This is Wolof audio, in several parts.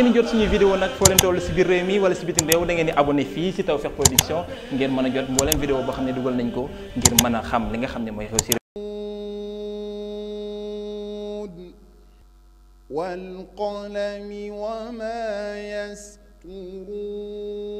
ngeen jot suñuy vidéo nag foo toll si biir réew mi wala si bitim réew da ngeen di abonné fii si Tawfekh Production ngeen mën a jot mboolem vidéo boo xam ne dugal nañ ko ngir mën a xam li nga xam ne mooy xew si wal mi wa ma yasturuun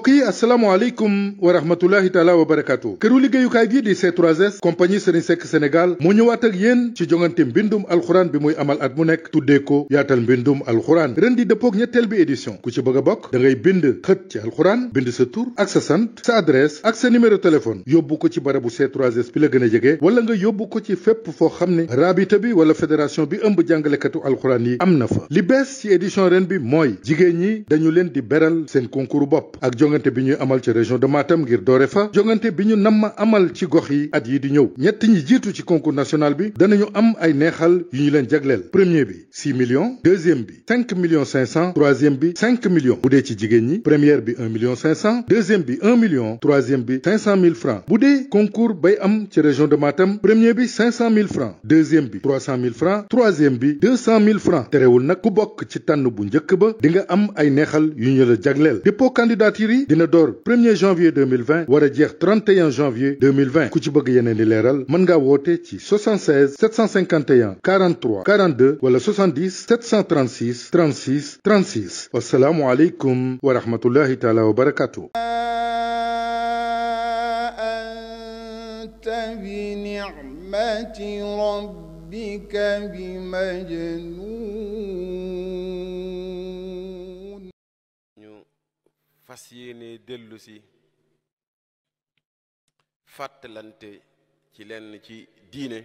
mbokk yi asalaamaaleykum wa rahmatulahi wa barakaatu këru liggéeyukaay gi di C3S compagnie Serigne Seck Sénégal mu ñëwaat ak yéen ci jongante mbindum alxuraan bi muy amal at mu nekk tuddee ko yaatal mbindum alxuraan ren di dëppoog ñetteel bi édition ku ci bëgg a bokk da ngay bind xët ci alxuraan bind sa tur ak sa sant sa adresse ak sa numéro téléphone yóbbu ko ci barabu C3S bi la gën a jege wala nga yóbbu ko ci fépp foo xam ne raabita bi wala fédération bi ëmb jàngalekatu alxuraan yi am na fa li bees ci ren bi mooy jigéen ñi dañu leen di beral seen concours bopp ak jongante bi ñuy amal ci région de Matam ngir doore fa jongante bi ñu namm amal ci gox yi at yi di ñëw ñett ñi jiitu ci concours national bi danañu am ay neexal yu ñu leen jagleel premier bi million millions deuxième bi 5 millions 500 troisième bi 5 millions bu dee ci jigéen ñi première bi 1 million 500 deuxième bi 1 million troisième bi 500 000 francs bu dee concours bay am ci région de Matam premier bi 500 000 francs deuxième bi 300 000 francs troisième bi 200 000 francs terewul nag ku bokk ci tànn bu njëkk ba di nga am ay neexal yu ñu la jagleel bi dina door 1er janvier 2020 war a jeex 31 janvier 2020 ku ci bëgg yeneen di leeral mën ngaa woote ci 76 751 43 42 wala 70 736 36 36 wasalaamu aleykum wa rahmatullahi taala wa barakatu بنعمة ربك بمجنون fas yéene dellusi si fàttalante ci lenn ci diine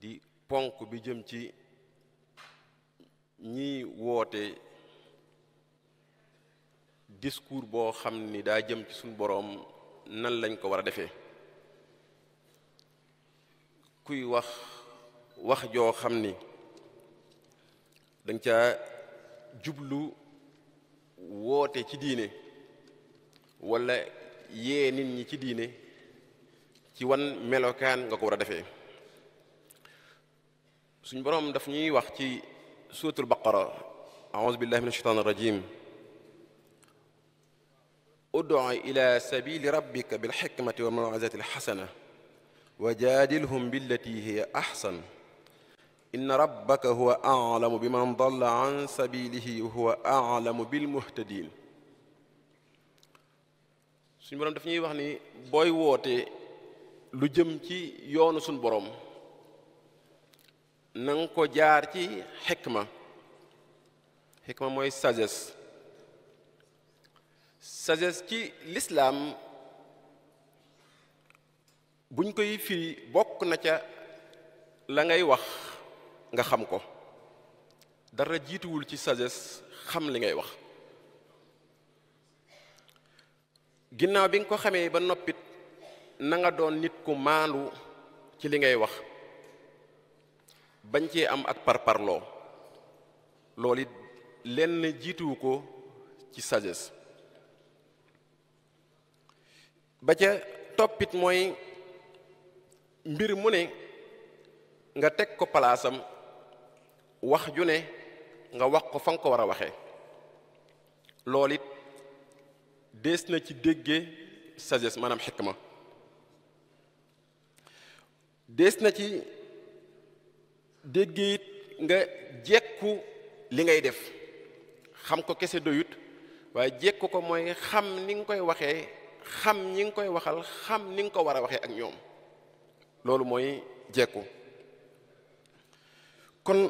di ponk bi jëm ci ñiy woote discours boo xam ni daa jëm ci suñ boroom nan lañ ko war a defee kuy wax wax joo xam ni dañ caa jublu woote ci diine wala yee nit ñi ci diine ci wan melokaan nga ko war a defee suñ boroom daf ñuy wax ci suuratul baqara a'uuzu billahi mina shaytaani rajim ud'u ila sabili bi bilxikmati wa maw'izati alxasana wa jaadilhum billati hiya axsan inna rabbaka huwa aalamu bi man dalla an sabilihi huwa aalamu bil muhtadin suñu boroom daf ñuy wax ni booy woote lu jëm ci yoonu suñu boroom nanga ko jaar ci xikma xikma mooy sagesse sagesse ci lislaam buñ koy firi bokk na ca la ngay wax nga xam ko dara jiituwul ci sagesse xam li ngay wax ginnaaw bi nga ko xamee ba noppit na nga doon nit ku maandu ci li ngay wax bañ ci am ak parparloo loolu it lenn jiituwu ko ci sagesse ba ca toppit mooy mbir mu ne nga teg ko palaasam wax ju ne nga wax ko fa nga ko war a waxe loolu it dees na ci dégge sagesse maanaam xikma dees na ci dégge it nga jekku li ngay def xam ko kese doyut waaye jekku ko mooy xam ni nga koy waxee xam ñi nga koy waxal xam ni nga ko war a waxee ak ñoom loolu mooy jekku kon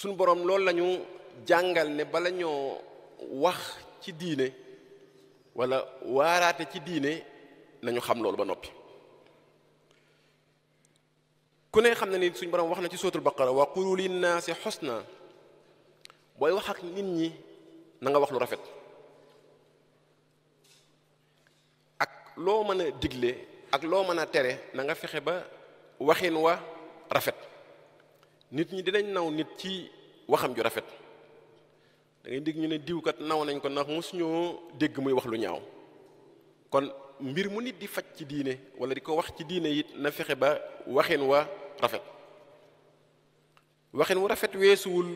suñu boroom loolu lañu jàngal ne bala ñoo wax ci diine walla waaraate ci diine nañu xam loolu ba noppi ku ne xam na ni suñ borom wax na ci sootul baqara wa qulu linnaasi xusna booy wax ak nit ñi nanga wax lu rafet ak loo mën a digle ak loo mën a tere na nga fexe ba waxin wa rafet nit ñi dinañ naw nit ci waxam ju rafet dangay ngay dégg ñu ne diwkat naw nañ ko ndax mosuñoo dégg muy wax lu ñaaw kon mbir mu nit di faj ci diine wala di ko wax ci diine it na fexe ba waxin wa rafet waxin wu rafet weesuwul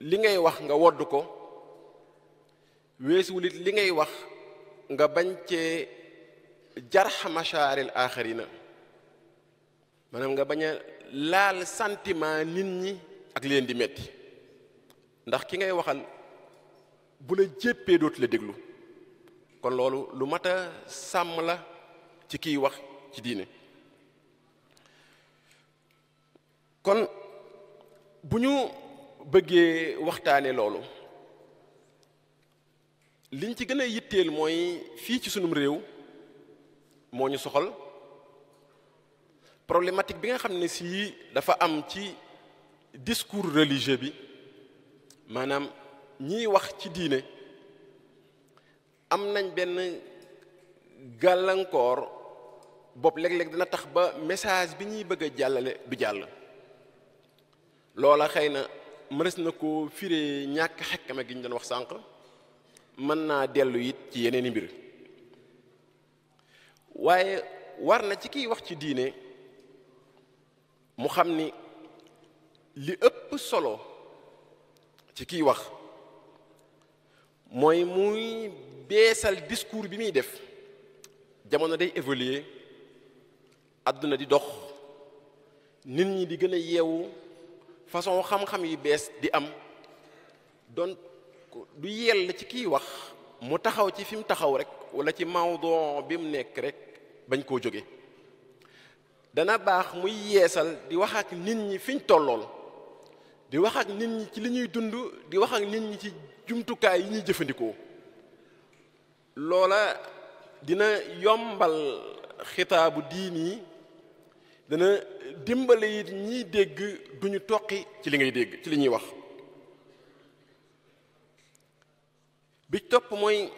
li ngay wax nga wodd ko weesuwul it li ngay wax nga bañ cee jarxa machaaril axarina maanaam nga bañ laal santiment nit ñi ak leen di metti ndax ki ngay waxal bu la jéppee dootu la déglu kon loolu lu mat a sàmm la ci kiy wax ci diine kon bu ñu bëggee waxtaane loolu liñ ci gën a yitteel mooy fii ci sunum réew moo ñu soxal problématique bi nga xam ne sii dafa am ci discours religieux bi maanaam ñiy wax ci diine am nañ benn gàllankoor bopp léeg-léeg dina tax ba message bi ñuy bëgg a jàllale bi jàll loola xëy na mënees na ko fiire ñàkk xekkame gi ñu doon wax sànq mën naa dellu it ci yeneen i mbir waaye war na ci kiy wax ci diine mu xam ni li ëpp solo ci kiy wax mooy muy beesal discours bi muy def jamono day évoluer àdduna di dox nit ñi di gën a yeewu façon xam-xam yu bees di am doon du yell ci kiy wax mu taxaw ci fi mu taxaw rek wala ci mawdoo bi mu nekk rek bañ koo jóge dana baax muy yeesal di wax ak nit ñi fiñ tollool di wax ak nit ñi ci li ñuy dund di wax ak nit ñi ci jumtukaay yi ñuy jëfandikoo loola dina yombal xitaabu diin yi dana dimbale it ñiy dégg duñu toqi ci li ngay dégg ci li ñuy wax bi topp mooy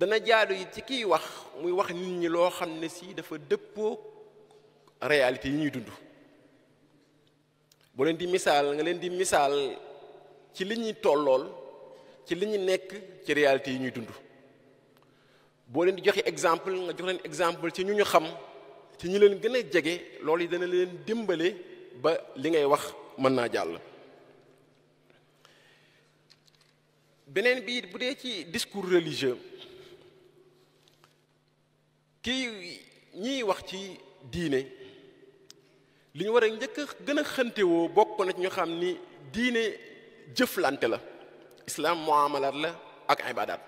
dana jaadu yi ci kiy wax muy wax nit ñi loo xam ne sii dafa dëppoo réalité yi ñuy dund boo leen di misaal nga leen di misaal ci li ñuy tollool ci li ñu nekk ci réalité yi ñuy dund boo leen di joxe exemple nga jox leen exemple ci ñu ñu xam ci ñu leen gën a jege loolu yi dana leen dimbale ba li ngay wax mën naa jàll beneen bi bu dee ci discours religieux kii ñiy wax ci diine li ñu war a njëkk a gën a xantewoo bokk na ci ñu xam ni diine jëflante la islaam muamalaat la ak ibaadaat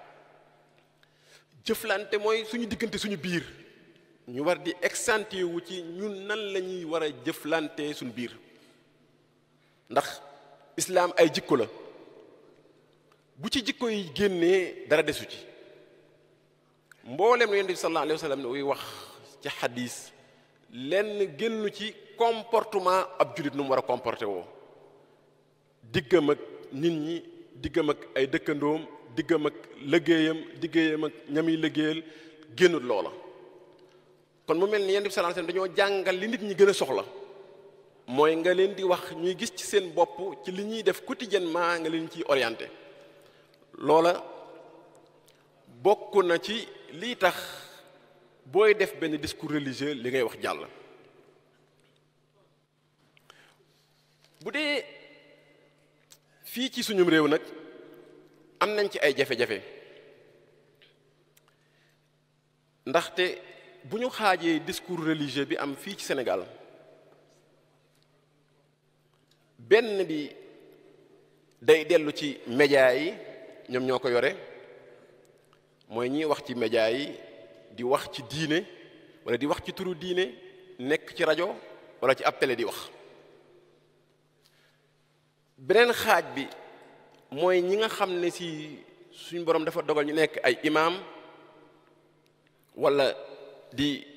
jëflante mooy suñu diggante suñu biir ñu war di exante ci ñun nan lañuy ñuy war a jëflante suñu biir ndax islaam ay jikko la bu ci jikko yi génnee dara desu ci mboolem lu yonent bi sallallahu alayhi wa sallam wax ci xadis lenn génnu ci comportement ab jullit nu mu war a comporté woo diggam ak nit ñi diggam ak ay dëkkandoom diggam ak liggéeyam liggéeyam ak ñamiy liggéeyal génnut loola kon mu mel ni yenn bi sallallahu alayhi dañoo jàngal li nit ñi gën a soxla mooy nga leen di wax ñuy gis ci seen bopp ci li ñuy def quotidiennement nga leen ciy orienté loola bokk na ci lii tax booy def benn discours religieux li ngay wax jàll bu dee fii ci suñum réew nag am nañ ci ay jafe-jafe ndaxte bu ñu xaajee discours religieux bi am fii ci senegal benn bi day dellu ci média yi ñoom ñoo ko yore mooy ñiy wax ci média yi di wax ci diine walla di wax ci turu diine nekk ci rajo wala ci ab di wax beneen xaaj bi mooy ñi nga xam ni si suñ borom dafa dogal ñu nekk ay imaam wala di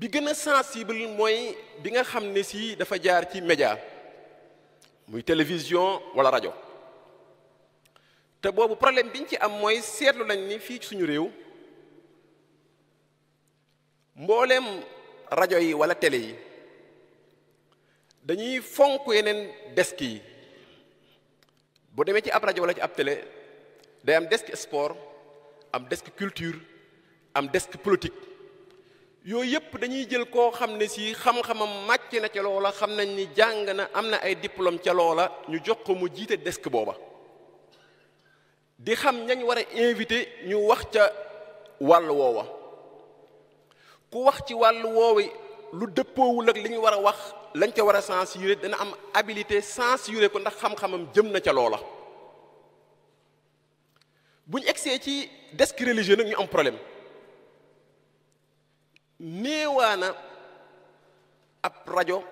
bi gën a sensible mooy bi nga xam ne sii dafa jaar ci média muy télévision wala rajo te boobu problème biñ ci am mooy seetlu nañ ni fii ci suñu réew mbooleem rajo yi wala télé yi dañuy fonk yeneen desk yi boo demee ci ab rajo wala ci ab télé day am desk sport am desk culture am desk politique yooyu yëpp dañuy jël koo xam ne sii xam-xamam màcc na ca loola xam nañ ni jàng na am na ay diplôme ca loola ñu jox ko mu jiite desk booba di xam ñañ war a invité ñu wax ca wàll woowa ku wax ci wàll woowi lu dëppoowul ak li ñu war a wax lañ ca war a yure dana am abilité habilité censuré ko ndax xam-xamam jëm na ca loola bu ñu egsee ci desk religieux nag ñu am problème néewaana ab rajo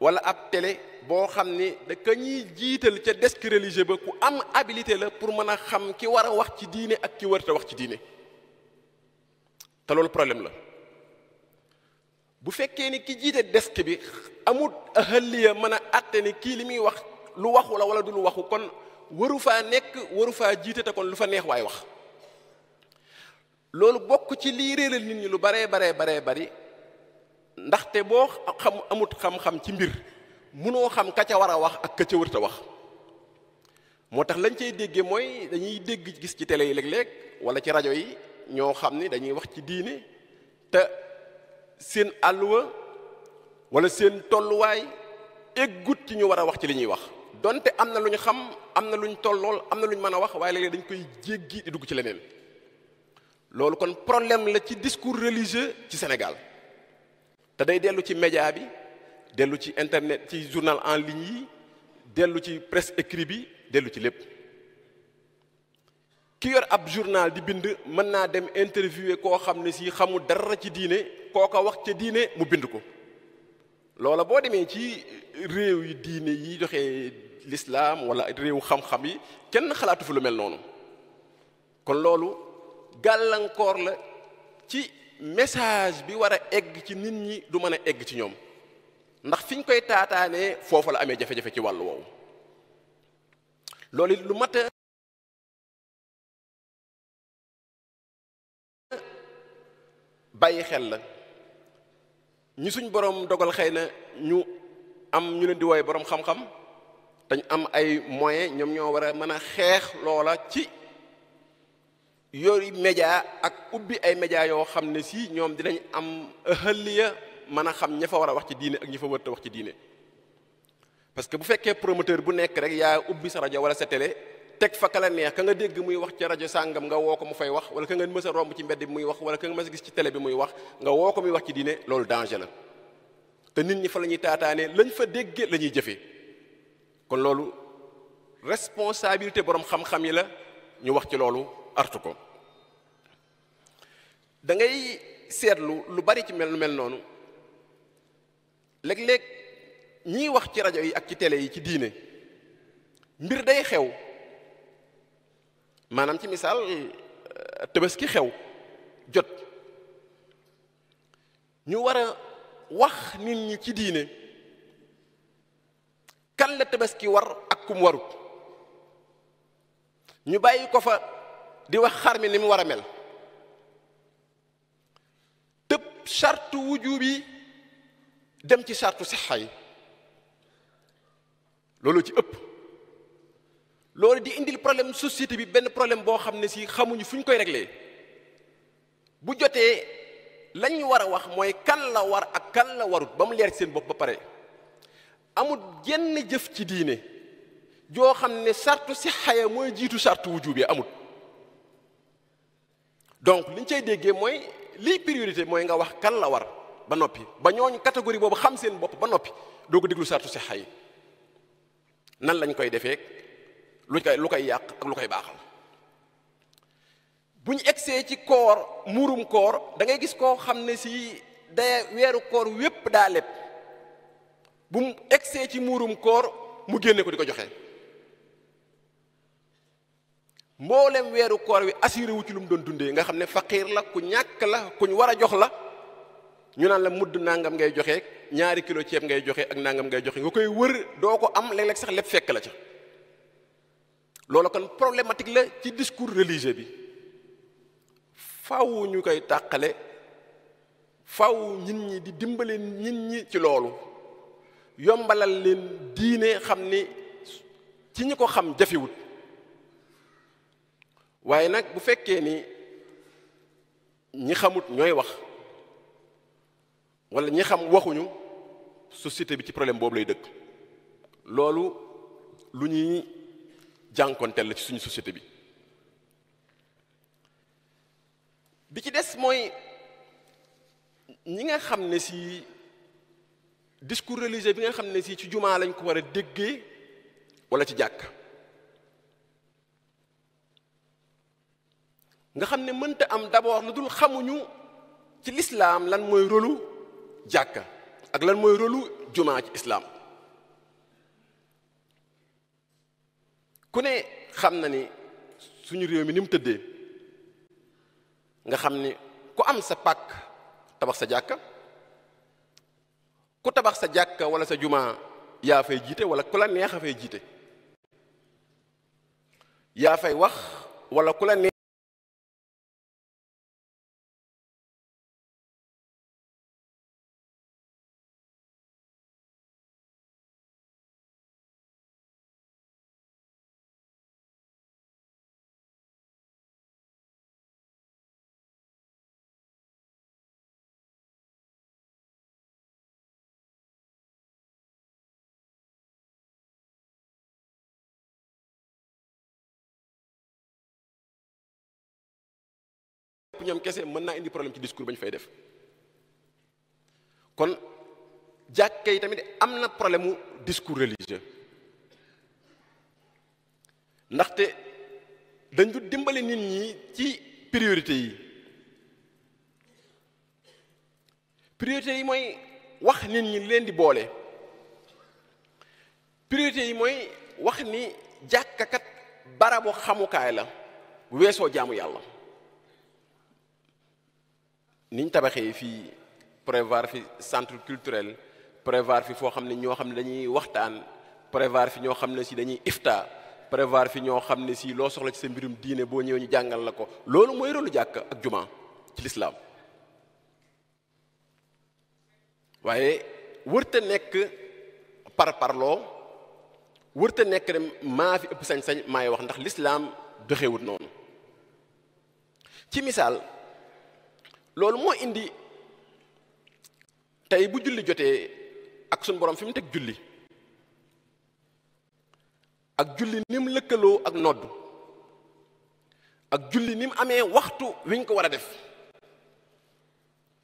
wala ab télé boo xam ni da ka ñuy jiital ca desk religieux ba ku am abilité la pour mën a xam ki war a wax ci diine ak ki warta wax ci diine te loolu problème la bu fekkee ni ki jiite desk bi amul ahaliya mën a àtte ni kii li muy wax lu waxu la wala du lu waxu kon waru faa nekk waru faa jiitate kon lu fa neex waay wax loolu bokk ci lii réeral nit ñi lu baree baree baree bari ndaxte boo xam amut xam-xam ci mbir munoo xam ka ca war a wax ak ka ca wax moo tax lañ cay dégge mooy dañuy dégg gis ci tele yi léeg-léeg wala ci rajo yi ñoo xam ni dañuy wax ci diine te seen àlluwa walla seen tolluwaay eggut ci ñu war a wax ci li ñuy wax donte am na lu ñu xam am na lu ñu tollool am na lu mën a wax waaye léeg dañ koy jéggi di dugg ci leneen loolu kon problème la ci discours religieux ci Sénégal te day dellu ci média bi dellu ci internet ci journal en ligne yi dellu ci presque écrit bi dellu ci lépp ki yor ab journal di bind mën naa dem interviewer koo xam ne si xamul dara ci diine koo ko wax ca diine mu bind ko loola boo demee ci réew yi diine yi joxe lislaam wala réew xam-xam yi kenn xalaatu fu lu mel noonu kon loolu gàllankoor la ci message bi war a egg ci nit ñi du mën a egg ci ñoom ndax fi ñu koy taataanee foofu la amee jafe-jafe ci wàllu woowu loolu lu mat bàyyi xel la ñi suñ boroom dogal xëy na ñu am ñu leen di wooye boroom xam-xam dañ am ay moyen ñoom ñoo war a mën a xeex loola ci yori média ak ubbi ay média yoo xam ne sii ñoom dinañ am ëhëliya mën a xam ña fa war a wax ci diine ak ña fa wërta wax ci diine parce que bu fekkee promoteur bu nekk rek yaa ubbi sa rajo wala sa télé teg fa ka la neex ka nga dégg muy wax ca rajo sàngam nga woo ko mu fay wax wala ka nga mës a romb ci mbedd bi muy wax wala ka nga mës gis ci télé bi muy wax nga woo ko muy wax ci diine loolu danger la te nit ñi fa la ñuy taataanee lañ fa dégge la ñuy jëfee kon loolu responsabilité borom xam yi la ñu wax ci loolu artu ko dangay seetlu lu bari ci mel mel noonu léeg-léeg ñiy wax ci rajo yi ak ci tele yi ci diine mbir day xew maanaam ci misaal euh, tabaski xew jot ñu war a wax nit ñi ci diine kan la tabaski war ak kum warut ñu bàyyi ko fa di wax xar mi ni mu war a mel tëb sartu wujub yi dem ci sartu sixa yi loolu ci ëpp loolu di indil problème société bi benn problème boo xam ne si xamuñu fu ñu koy réglé bu jotee lañ ñu war a wax mooy kan la war ak kan la warut ba mu leer seen bopp ba pare amut jenn jëf ci diine joo xam ne sartu sixa ya mooy jiitu sartu wujub yi amut donc liñ ñu déggee mooy liy priorité mooy nga wax kan la war ba noppi ba ñooñu catégorie boobu xam seen bopp ba noppi doo ko déglu sartu sixa yi nan lañ koy defee lu koy lu koy yàq ak lu koy baaxal bu ñu egsee ci koor muurum koor da ngay gis koo xam ne si day weeru koor wépp daa leb bu mu egsee ci muurum koor mu génne ko di ko joxe mboolem weeru koor wi assuré wu ci lu mu doon dundee nga xam ne faqiir la ku ñàkk la kuñ war a jox la ñu naan la mudd nangam ngay joxe ñaari kilo ceeb ngay joxe ak nangam ngay joxe nga koy wër doo ko am léeg-léeg sax lépp fekk la ca loolu kon problématique la ci discours religieux bi faw ñu koy tàqale faw nit ñi di dimbale nit ñi ci loolu yombalal leen diine xam ni ci ñi ko xam jafewut waaye nag bu fekkee ni ñi xamut ñooy wax wala ñi xam waxuñu société bi ci problème boobu lay dëkk loolu lu ñuy jànkonteel la ci suñu société bi bi ci des mooy ñi nga xam ne si discours religieux bi nga xam ne si ci jumaa lañ ko war a déggee walla ci jàkk nga xam ne mënta am d'abord lu dul xamuñu ci lislaam lan mooy rôlu jàkka ak lan mooy rôlu jumaa ci islaam ku ne xam na ni suñu réew mi ni mu tëddee nga xam ni ku am sa pàkk tabax sa jàkka ku tabax sa jàkka wala sa jumaa yaa fay jiite wala ku la neex a fay jiite yaa fay wax wala ku la neex ñoom kese mën naa indi problème ci discours ba ñu fay def kon jàkka yi tamit am na problème mu discours religieux ndaxte dañu dimbali nit ñi ci priorité yi priorité yi mooy wax nit ñi leen di boole priorité yi mooy wax ni jàkkakat barabu xamukaay la weesoo jaamu yàlla ni ñu tabaxee fii prévoir fi centre culturel prévoir fi foo xam ne ñoo xam ne dañuy waxtaan prévoir fi ñoo xam ne si dañuy ifta prévoir fi ñoo xam ne sii loo soxla ci sa mbirum diine boo ñëwee ñu jàngal la ko loolu mooy rôlu jàkk ak juma ci lislaam waaye wërta nekk par parloo wërta nekk dem maa fi ëpp sañ-sañ maay wax ndax lislaam doxewut noonu ci misaal loolu moo indi tey bu julli jotee ak suñ borom fi mu teg julli ak julli ni mu lëkkaloo ak nodd ak julli ni mu amee waxtu wiñ ko war a def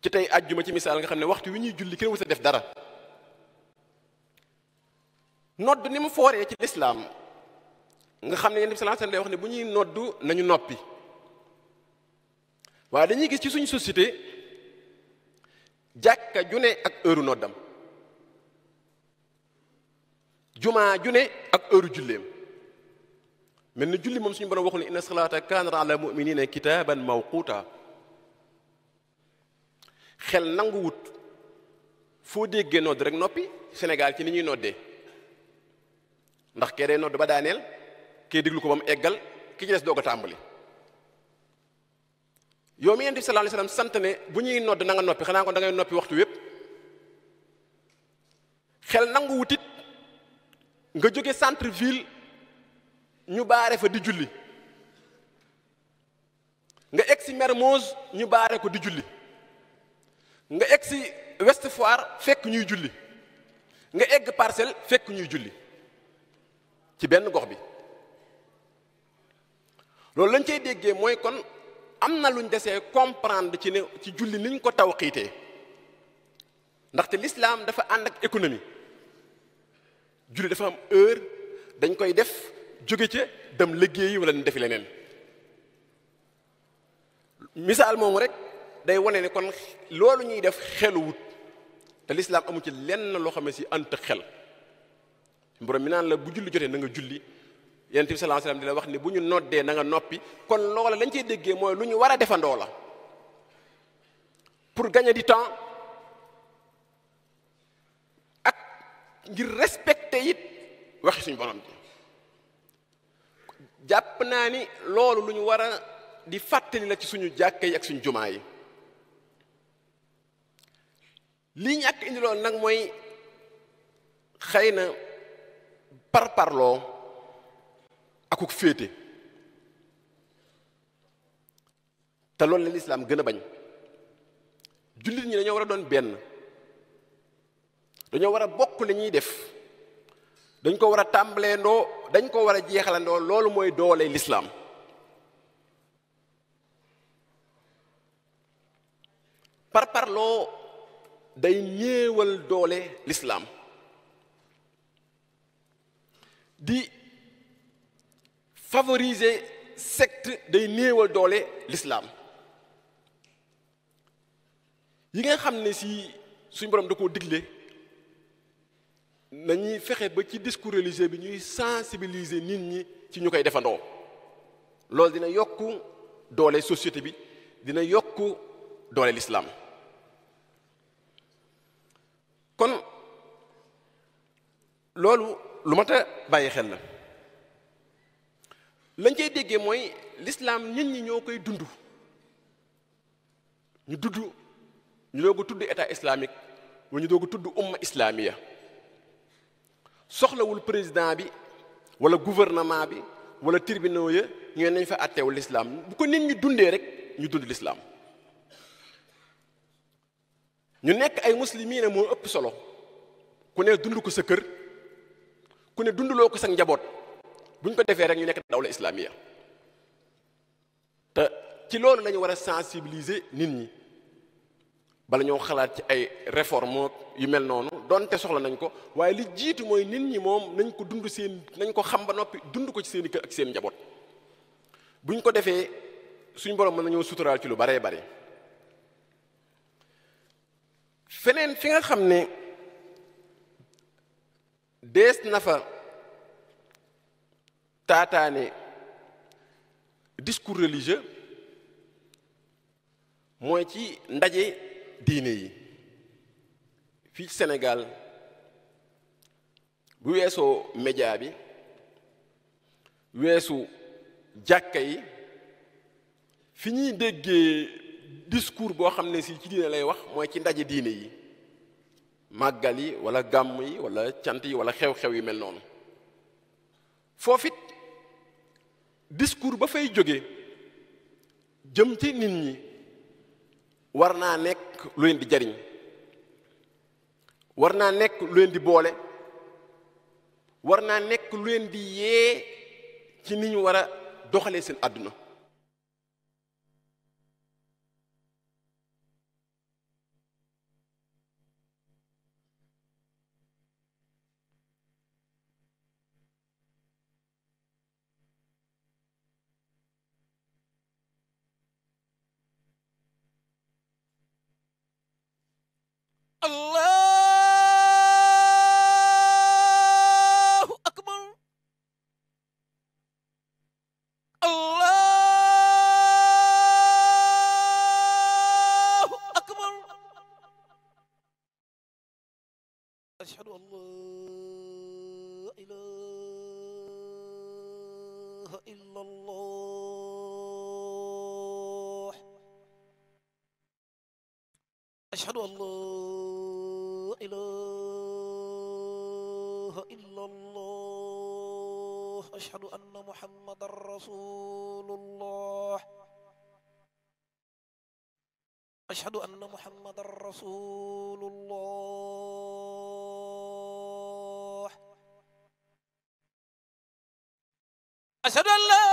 ci tey àjjuma ci misaal nga xam ne waxtu wi ñuy julli kenn wut a def dara nodd ni mu fooree ci lislaam nga xam ne yonent bi sallallahu alayhi wasallam day wax ne bu ñuy nodd nañu noppi waaye dañuy gis ci suñu société jàkka ju ne ak heure noddam jumaa ju ne ak heure julleem mel ni julli moom suñu borom waxul ne inna salaata kaanat ala muminina kitaaban mawquta xel nanguwut foo déggee nodd rek noppi Sénégal ci ni ñuy noddee ndax kee day nodd ba daaneel kee déglu ko ba mu eggal ki ci des doog a tàmbali yow mi yonent bi sallallahu alayhi wasallam sant ne bu ñuy nodd nanga nga noppi xanaa kon da ngay noppi waxtu wépp xel nangu wutit nga jóge centre ville ñu baare fa di julli nga egsi Mermoz ñu baare ko di julli nga egsi Ouest Foire fekk ñuy julli nga egg parcelle fekk ñuy julli ci benn gox bi loolu lañ cay déggee mooy kon am na luñ desee comprendre ci ne ci julli niñ ko taw xiitee ndaxte l'islam dafa ànd ak économie julli dafa am heure dañ koy def jóge ca dem liggéey wala ñu defi leneen misaal moomu rek day wane ne kon loolu ñuy def xeluwut te l'islam amu ci lenn loo xam ne si ant xel borom mi naan la bu julli jotee na nga julli yonent bi sallallahu alayhi wasallam di la wax ni bu ñu noddee na nga noppi kon loola lañ cey déggee mooy lu ñu war a defandoo la pour gagner du temps ak ngir respecter it waxi suñu borom ji jàpp naa ni loolu lu ñu war a di fàttali la ci suñu jàkka yi ak suñu jumaa yi li ñu ak indi loolu nag mooy xëy na parparloo akuk féete te loolu la lislaam gën a bañ jullit ñi dañoo war a doon benn dañoo war a bokk li ñuy def dañ ko war a tàmbaleendoo dañ ko war a jeexalandoo loolu mooy doole lislaam par parloo day ñéewal doole lislaam di favoriser sect day néewal doole lislaam yi nga xam ne si suñ borom da koo digle nañuy fexe ba ci discours religieux bi ñuy sensibiliser nit ñi ci ñu koy defandoo loolu dina yokk doole société bi dina yokk doole l'islam kon loolu lu mat a bàyyi xel na lañ cay déggee mooy lislaam nit ñi ñoo koy dund ñu dudd ñu doog a tudd état islamique wala ñu doog a tudd umma islamiya soxlawul président bi wala gouvernement bi wala tribunaux ya ñooy nañ fa àtteewu lislaam bu ko nit ñi dundee rek ñu dund lislaam ñu nekk ay muslimiina moo ëpp solo ku ne dund ko sa kër ku ne dundloo ko sa njaboot bu ñu ko defee rek ñu nekk dawla islamiya te ci loolu lañu war a sensibiliser nit ñi bala ñoo xalaat ci ay réforme yu mel noonu donte soxla nañ ko waaye li jiitu mooy nit ñi moom nañ ko dund seen nañ ko xam ba noppi dund ko ci seen kër ak seen njaboot buñ ko defee suñ borom mën nañoo suturaal ci lu baree bare feneen fi nga xam ne dees na fa taataane discours religieux mooy ci ndaje diine yi fii ci Sénégal bu weesoo média bi weesu jàkka yi fi ñuy déggee discours boo xam ne si ci diine lay wax mooy ci ndaje diine yi màggal yi walla gàmm yi walla cant yi wala xew-xew yi mel noonu foofit discours ba fay jóge jëm ci nit ñi war naa nekk lu leen di jariñ war naa nekk lu leen di boole war naa nekk lu leen di yee ci ni ñu war a doxalee seen àdduna ashhadu an laa ilaaha illallaah ashhadu anna muhammadan rasuulullaah ashhadu anna muhammadan rasuulullaah ashhadu an laa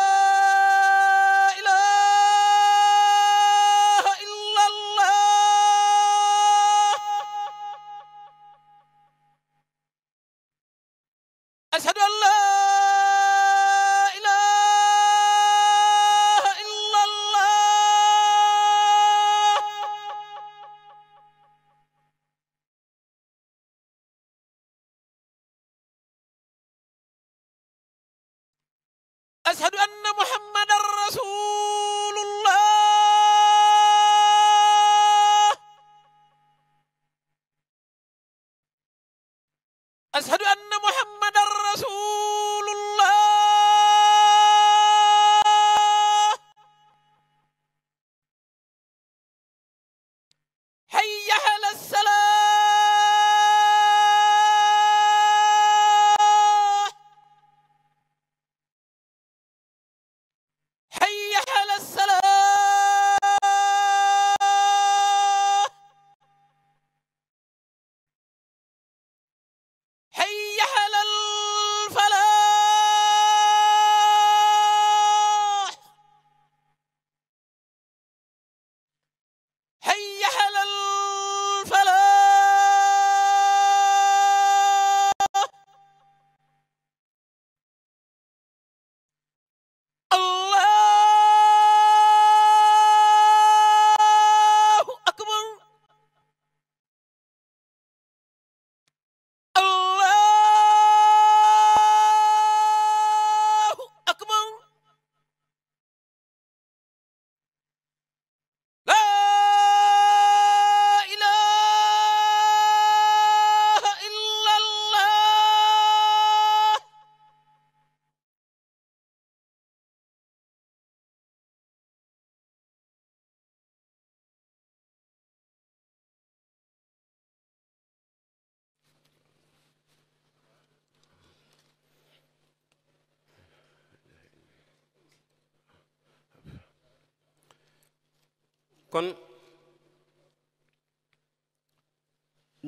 kon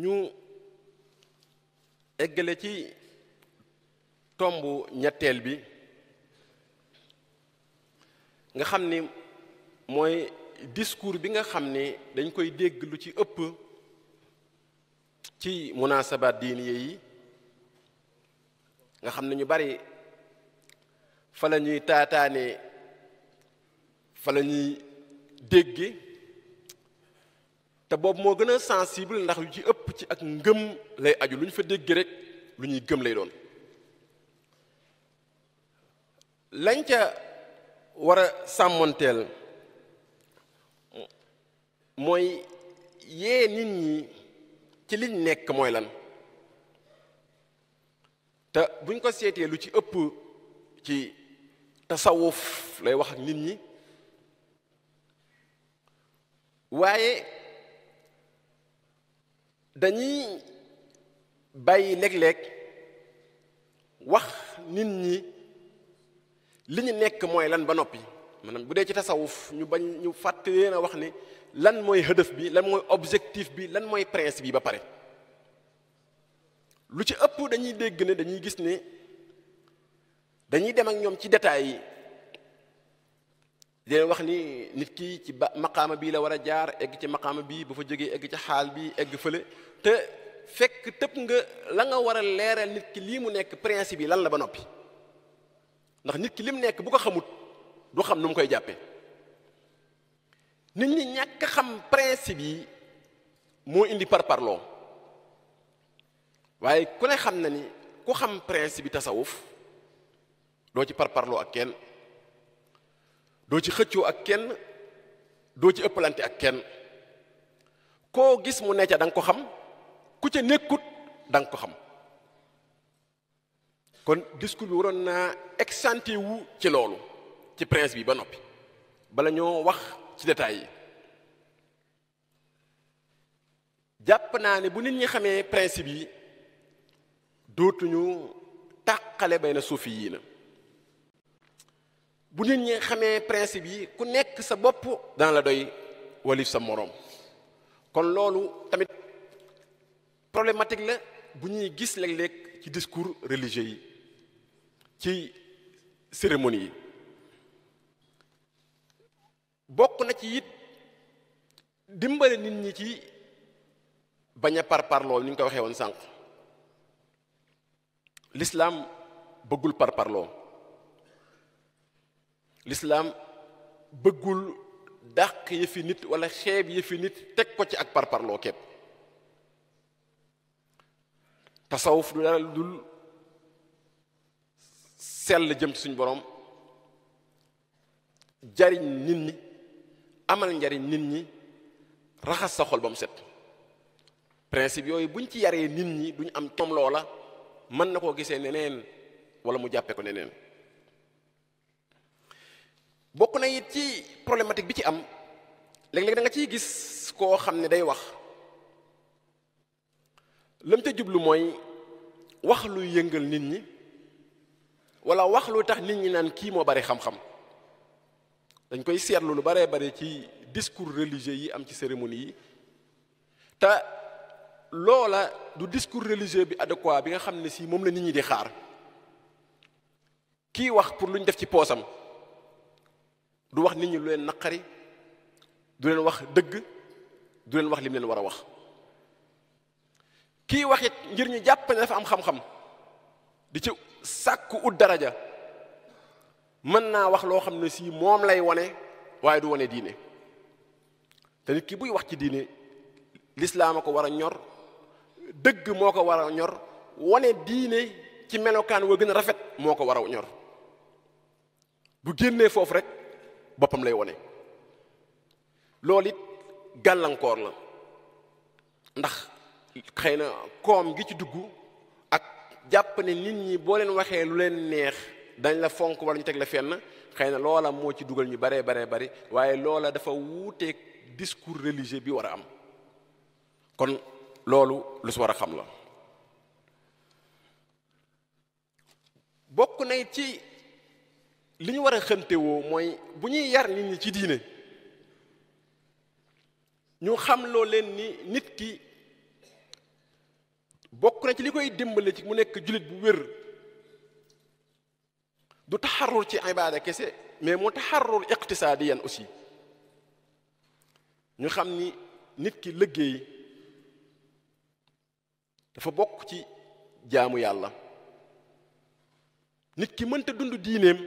ñu eggale ci tomb ñetteel bi nga xam ni mooy discours bi nga xam ni dañ koy dégg lu ci ëpp ci munaasabaat diine yi nga xam ne ñu bari fa la taataane fa la dégge te boobu moo gën a sensible ndax lu ci ëpp ci ak ngëm lay aju lu ñu fa dégg rek lu ñuy gëm lay doon lañ ca wara a sàmmoonteel mooy yee nit ñi ci liñ nekk mooy lan te buñ ko seetee lu ci ëpp ci tasawuf lay wax ak nit ñi waaye dañuy bàyyi léeg-léeg wax nit ñi li ñu nekk mooy lan ba noppi maanaam bu dee ci tasawuf ñu bañ ñu fàtte leen wax ni lan mooy hëdëf bi lan mooy objectif bi lan mooy principe bi ba pare lu ci ëpp dañuy dégg ne dañuy gis ne dañuy dem ak ñoom ci détails yi di leen wax ni nit ki ci ba bii la war a jaar egg ci maqaama bii bu fa jógee egg ci xaal bi egg fële te fekk tëpp nga la nga war a leeral nit ki lii mu nekk principe yi lan la ba noppi ndax nit ki lim nekk bu ko xamut du xam nu mu koy jàppe nit ñi ñàkk xam principe yi moo indi par parloo waaye ku ne xam na ni ku xam principe bi tasawuf doo ci parparloo ak kenn doo ci xëccoo ak kenn doo ci ëppalante ak kenn koo gis mu ne ca da nga ko xam ku ca nékkut danga ko xam kon discours bi waroon naa exsanté wu ci loolu ci prince bi ba noppi bala ñoo wax ci détails yi jàpp naa ne bu nit ñi xamee principe yi dootuñu tàqale bay na suufi yii na bu nit ñi xamee principe yi ku nekk sa bopp dana la doy walif sa moroom kon loolu tamit problématique la bu ñuy gis léeg-léeg ci discours religieux yi ci cérémonie yi bokk na ci it dimbali nit ñi ci bañ a parparloo ni ñu ko waxee woon sànq l'islam bëggul par parloo lislaam bëggul dàq yi yëfi nit wala xeeb yëfi nit teg ko ci ak par parparloo ket tasawuf du dara dul sell jëm suñu borom jariñ nit ñi amal njariñ nit ñi raxas sa xol ba mu set principe yooyu buñ ci yaree nit ñi duñ am tom loola mën na koo gisee neneen wala mu jàppe ko neneen bokk na it ci problématique bi ci am léeg-léeg da nga ciy gis koo xam ne day wax lam ca jublu mooy wax luy yëngal nit ñi wala wax lu tax nit ñi naan kii moo bari xam-xam dañ koy seetlu lu baree bare ci discours religieux yi am ci cérémonie yi te loola du discours religieux bi adéquat bi nga xam ne si moom la nit ñi di xaar kii wax pour lu ñu def ci poosam du wax nit ñi lu leen naqari du leen wax dëgg du leen wax lim leen war a wax kiy waxit it ngir ñu jàpp dafa am xam-xam di ci sàkku ut daraja mën naa wax loo xam ne si moom lay wane waaye du wane diine te nit ki buy wax ci diine lislaam ko war a ñor dëgg moo ko war a ñor wane diine ci melokaan wa gën a rafet moo ko war a ñor bu génnee foofu rek boppam lay wone loolu it gàllankoor la ndax xëy na koom gi ci dugg ak jàpp ne nit ñi boo leen waxee lu leen neex dañ la fonk wala ñu teg la fenn xëy na loola moo ci dugal ñu baree baree bari waaye loola dafa wuuteeg discours religieux bi war a am kon loolu lu si war a xam la bokk na ci li ñu war a xëntewoo mooy bu ñuy yar nit ñi ci diine ñu xam loo leen ni nit ki bokk na ci li koy dimbale ci mu nekk jullit bu wér du taxarur ci ibaada kese mais mu taxarur iqtisaadiyan aussi ñu xam ni nit ki liggéey dafa bokk ci jaamu yàlla nit ki mënta dund diineem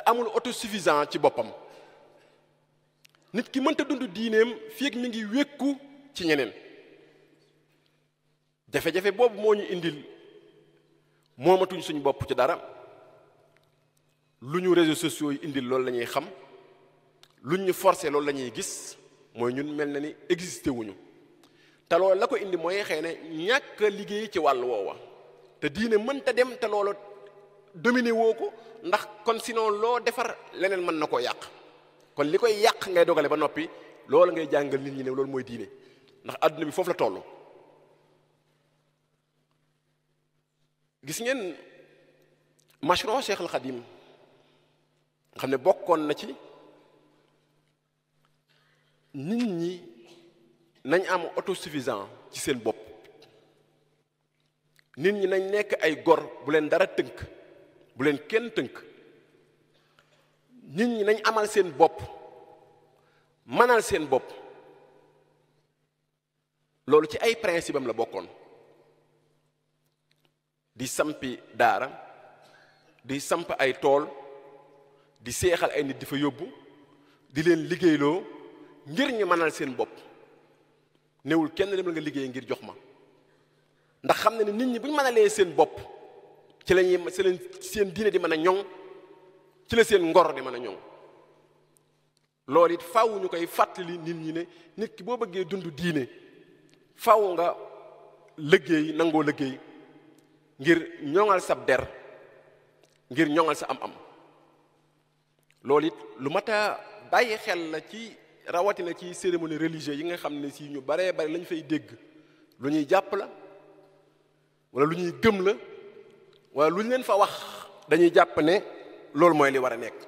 te amul autosuffisant ci boppam nit ki mënta dund diineem fii ak mi ngi wékku ci ñeneen jafe-jafe boobu moo ñu indil moomatuñ suñu bopp ci dara lu ñu réseaux sociaux yi indil loolu la ñuy xam lu ñu forcé loolu la ñuy gis mooy ñun mel na ni existé wuñu te loolu la ko indi mooy xëy na ñàkk liggéey ci wàll woowa te diine mënta dem te loolu dominer woo ko ndax kon sinon loo defar leneen mën na koo yàq kon li koy yàq ngay dogale ba noppi loolu ngay jàngal nit ñi ne loolu mooy diine ndax àdduna bi foofu la toll. gis ngeen mashru Cheikh al Khadim nga xam ne bokkoon na ci nit ñi nañ am autosuffisant ci seen bopp nit ñi nañ nekk ay gor bu leen dara tënk. bu leen kenn tënk nit ñi nañ amal seen bopp manal seen bopp loolu ci ay principe am la bokkoon di sampi daara di samp ay tool di seexal ay nit di fa yóbbu di leen liggéeyloo ngir ñu manal seen bopp néewul kenn dem la nga liggéey ngir jox ma ndax xam na ne nit ñi bu ñu mënalee seen bopp ci la ñuy seen diine di mën a ñoŋ ci la seen ngor di mën a ñoŋ loolu it faw ñu koy fàttali nit ñi ne nit ki boo bëggee dund diine faw nga liggéey nangoo liggéey ngir ñoŋal sab der ngir ñoŋal sa am-am loolu it lu mat a bàyyi xel la ci rawatina ci cérémonie religieuse yi nga xam ne si ñu baree bari lañ fay dégg lu ñuy jàpp la wala lu ñuy gëm la. waaye lu leen fa wax dañuy jàpp ne loolu mooy li war a nekk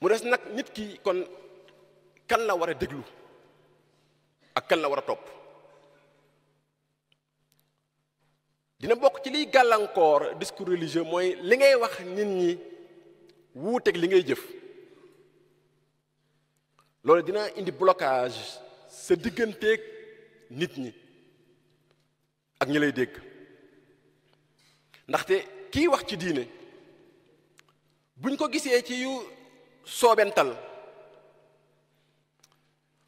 mu des nag nit ki kon kan la war a déglu ak kan la war a topp dina bokk ci liy gàllankoor discours religieux mooy li ngay wax nit ñi wuuteeg li ngay jëf loolu dina indi blocage sa digganteeg nit ñi ak ñi lay dégg ndaxte kii wax ci diine buñ ko gisee ci yu soobental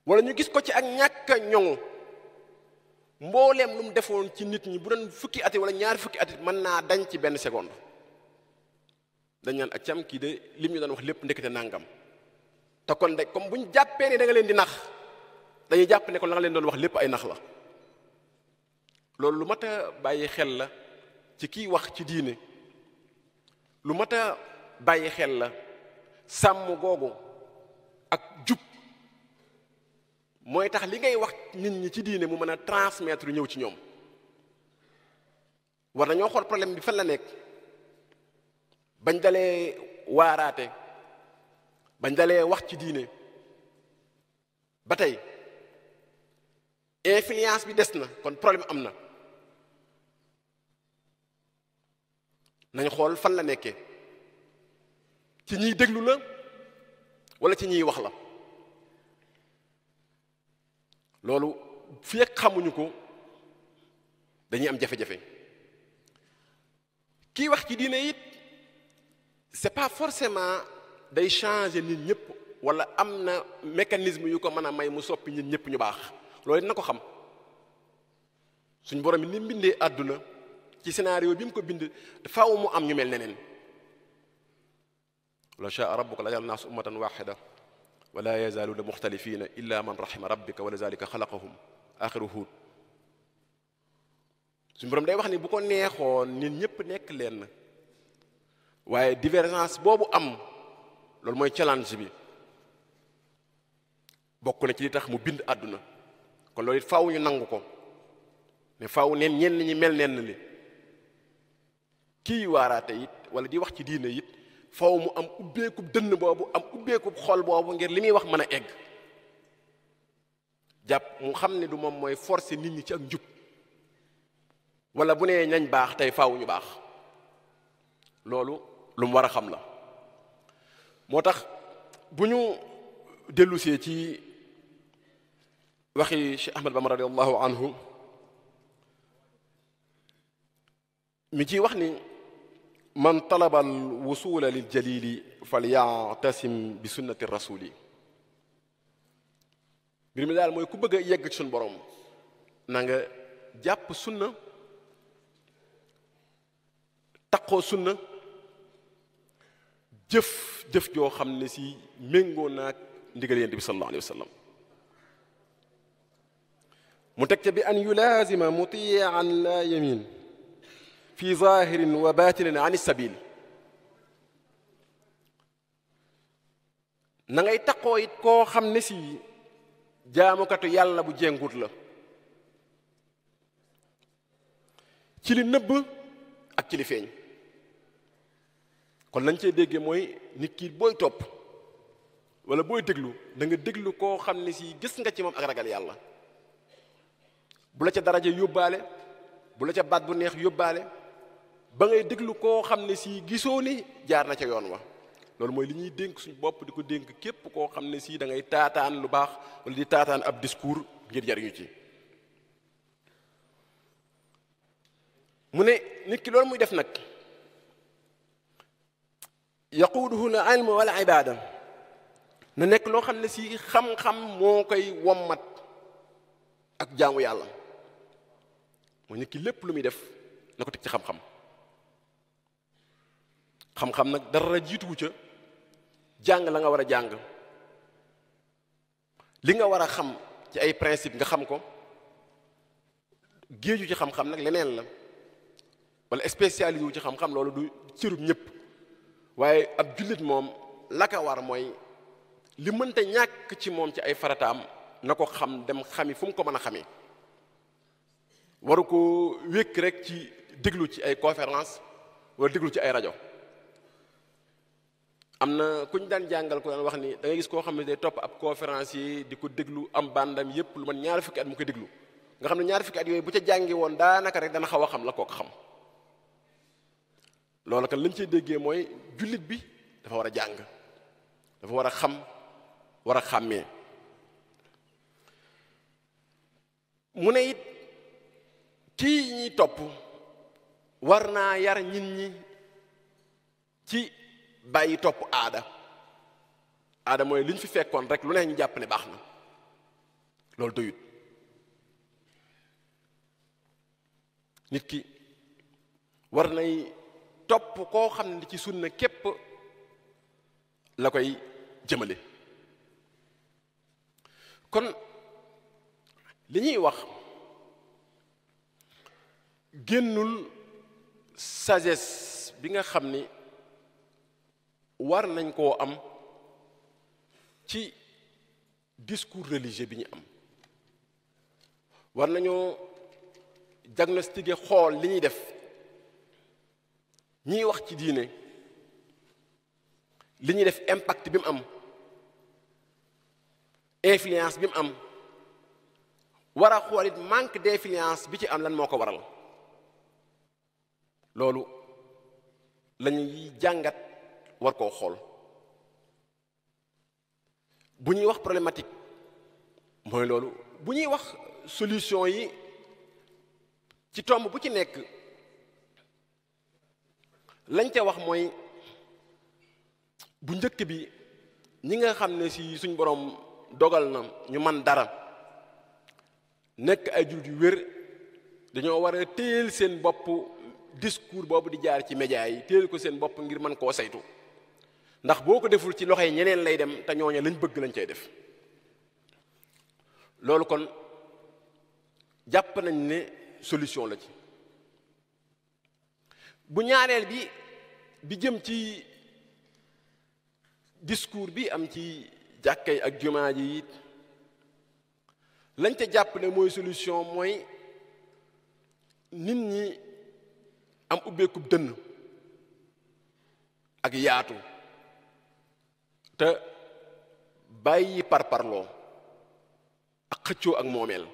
wala ñu gis ko ci ak ñàkk a ñoŋu mbooleem lu mu defoon ci nit ñi bu doon fukki ati wala ñaari fukki ati mën naa dañ ci benn seconde dañ naan ak cam kii de lim ñu doon wax lépp ndekete nangam te kon de comme bu ñu jàppee ne da leen di nax dañuy jàpp ne kon leen doon wax lépp ay nax la loolu lu mat a bàyyi xel la. ci kiy wax ci diine lu mat a bàyyi xel la sàmm googu ak jub mooy tax li ngay wax nit ñi ci diine mu mën a transmettre ñëw ci ñoom war nañoo xool problème bi fan la nekk bañ dalee waaraate bañ dalee wax ci diine ba tey influence bi des na kon problème am na nañ xool fan la nekkee ci ñiy déglu la wala ci ñiy wax la loolu fekk xamuñu ko dañuy am jafe-jafe kiy wax ci diine it c'est pas forcément day changer nit ñëpp wala am na mécanisme yu ko mën a may mu soppi nit ñëpp ñu baax loolu it na ko xam suñ borom yi ni mbindee àdduna ci scénario bi mu ko bind faw mu am ñu mel neneen la shaa rabbuka la jal naas ummatan waxida wala yazaaluuna muxtalifina illa man raxima rabbika wa lazalika xalaqahum axiru huud suñu borom day wax ni bu ko neexoon nit ñëpp nekk lenn waaye divergence boobu am loolu mooy challenge bi bokk na ci li tax mu bind àdduna kon loolu faw faaw ñu nangu ko ne faaw neen ñenn ñi mel nenn li kii waaraate it wala di wax ci diine it faw mu am ubbeekub dënn boobu am ubbeekub xol boobu ngir li muy wax mën a egg jàpp mu xam ne du moom mooy force nit ñi ci ak njub wala bu nee ñañ baax tey faw ñu baax loolu lu mu war a xam la moo tax bu ñu dellusee ci waxi Cheikh Ahmad Bamba radiyallahu anhu mi ciy wax ni man talaba alwusula liljalili falyatasim bi sunnati rasuli mbir mi daal mooy ku bëgg a yegg ci suñu borom na nga jàpp sunna taqoo sunna jëf jëf joo xam ni si méngoo naag ndigal yent bi sallallahu alayhi wa sallam mu teg ca bi an yulaazima mutian la yamin fi zahirin wa batinin an sabil na ngay taqoo it koo xam ne si jaamukatu yàlla bu jéngut la ci li nëbb ak ci li feeñ kon lañ cee déggee mooy nit ki booy topp wala booy déglu da déglu koo xam ne si gis nga ci moom ak ragal yàlla bu la ca daraja yóbbaale bu la ca baat bu neex yóbbaale ba ngay déglu koo xam ne sii gisoo ni jaar na ca yoon wa loolu mooy li ñuy dénk suñu bopp di ko dénk képp koo xam ne sii dangay ngay taataan lu baax wala di taataan ab discours ngir jariñu ci mu ne nit ki loolu muy def nag yaquuduhu na ilmu wala ibaada na nekk loo xam ne sii xam-xam moo koy wommat ak jaamu yàlla moo nit ki lépp lu muy def na ko teg ci xam-xam xam-xam nag dara jiituwu ca jàng la nga war a jàng li nga war a xam ci ay principe nga xam ko géeju ci xam-xam nag leneen la walla spécialisé wu ci xam-xam loolu du cërub ñëpp waaye ab jullit moom la ka war mooy li mënta ñàkk ci moom ci ay farataam na ko xam dem xami fu mu ko mën a xamee waru ko wékk rek ci déglu ci ay conférence wala déglu ci ay rajo am na ku ñu daan jàngal ko daan wax ni da gis koo xam ne day topp ab yi di ko déglu am bandam yépp lu man ñaari fukki at mu ko déglu nga xam ne ñaari fukki at yooyu bu ca jàngi woon daanaka rek dana xaw a xam la kooku xam loolu kan lañ cey déggee mooy jullit bi dafa war a jàng dafa war a xam war a xàmmee mu ne it kii ñuy topp war naa yar nit ñi ci bàyyi topp aada aada mooy li fi fekkoon rek lu ne ñu jàpp ne baax na loolu doyut nit ki war nay topp koo xam ne ci na képp la koy jëmale kon li ñuy wax génnul sagesse bi nga xam ni war nañ koo am ci discours religieux bi ñu am war nañoo diagnostiquer xool li ñuy def ñiy wax ci diine li ñuy def impact bi mu am influence bi mu am war a xool it manque d'influence bi ci am lan moo ko waral loolu lañuy jàngat war koo xool bu ñuy wax problématique mooy loolu bu ñuy wax solution yi ci tomb bu ci nekk lañ ca wax mooy bu njëkk bi ñi nga xam ne si suñ borom dogal na ñu man dara nekk ay jullit yu wér dañoo war a téyel seen bopp discours boobu di jaar ci média yi téyel ko seen bopp ngir mën koo saytu ndax boo ko deful ci loxo yi ñeneen lay dem te ñooña lañ bëgg lañ cay def loolu kon jàpp nañ ne solution la ci bu ñaareel bi bi jëm ci discours bi am ci jàkka yi ak jumaa ji lañ ca jàpp ne mooy solution mooy nit ñi am ubbeekub dënn ak yaatu te bàyyi parparloo ak xëccoo ak moomeel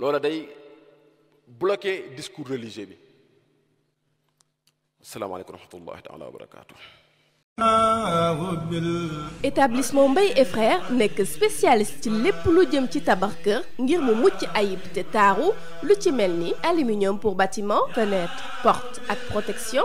loola day bloqué discours religieux bi asalaamaaleykum wa rahmatullahi taala wa barakaatu établissement Mbaye et nekk spécialiste ci lépp lu jëm ci tabax kër ngir mu mucc ayib te taaru lu ci mel ni aluminium pour bâtiment fenêtre porte ak protection